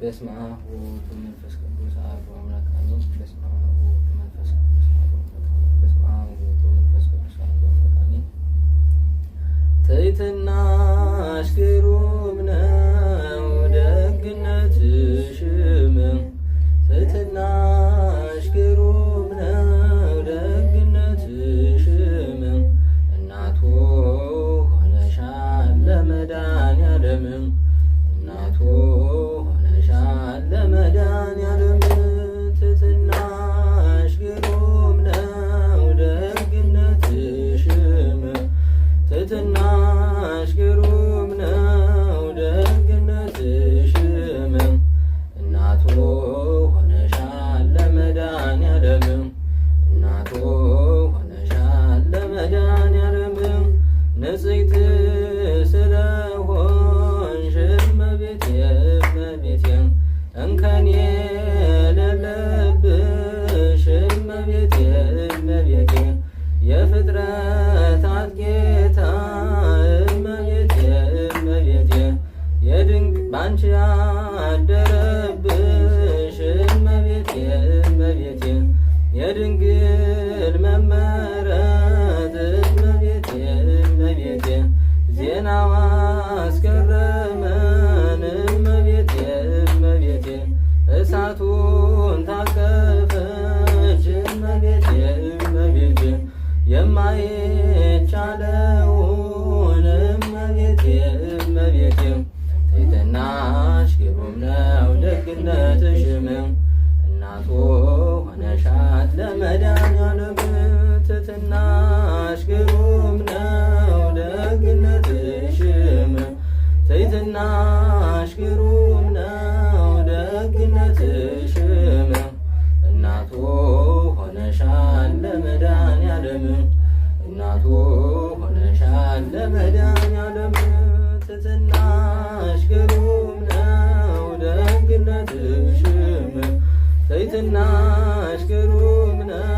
በስመ አብ ወወልድ ወመንፈስ ቅዱስ አሐዱ አምላክ አሜን። በስመ አብ ወወልድ ወመንፈስ ቅዱስ አሐዱ አምላክ አሜን። በስመ አብ ወወልድ ወመንፈስ ቅዱስ አሐዱ አምላክ አሜን። ትሕትናሽ ግሩም ነው ደግነትሽ ትሕትናሽ ግሩም ነው ደግነትሽ እናቱ ሆነሻል ለመድኃኔዓለም እናቱ ስለሆንሽ እመቤቴ እመቤቴ እንከን የሌለብሽ እመቤቴ እመቤቴ የፍጥረታት ጌታ እመቤቴ እመቤቴ የድንቅ ባንቺ አደረብሽ እመቤቴ እመቤቴ የድንግ ትሕትናሽ ግሩም ነው ደግነትሽም ትሕትናሽ ግሩም ነው ደግነትሽም እናቱ ሆነሻል ለመዳን ያለም እናቱ ሆነሻል ለመዳን ያለም ግሩም ነው ደግነትሽም ግሩም ነው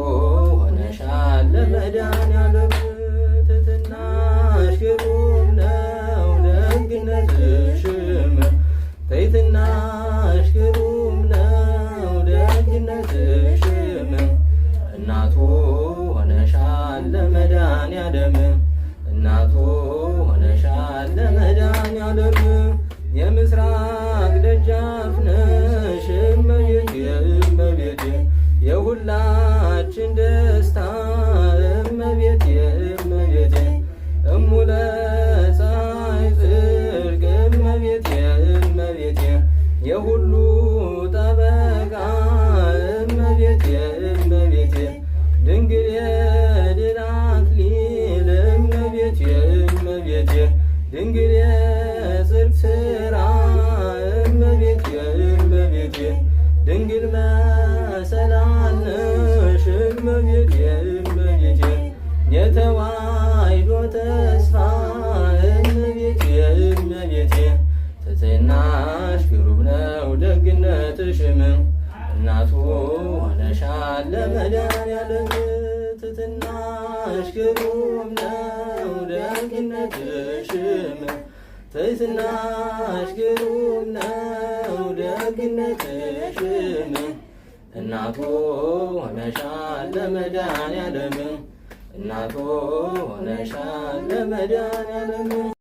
ሆነሻል ለመድኃኒዓለም ትሕትናሽ ግሩም ነው ደግነትሽም ትሕትናሽ ግሩም ነው ደግነትሽም እናቱ ሆነሻል ለመድኃኒዓለም እናቱ ሆነሻል ሁሉ ጠበቃ እመቤቴ እመቤቴ ድንግል የድል አክሊል እመቤቴ እመቤቴ ድንግል አይደርስሽም እናቱ ሆነሻል ለመድኃኒዓለም ትሕትናሽ ግሩም ነው ደግነትሽም ትሕትናሽ ግሩም ነው ደግነትሽም እናቱ ሆነሻል ለመድኃኒዓለም እናቱ ሆነሻል ለመድኃኒዓለም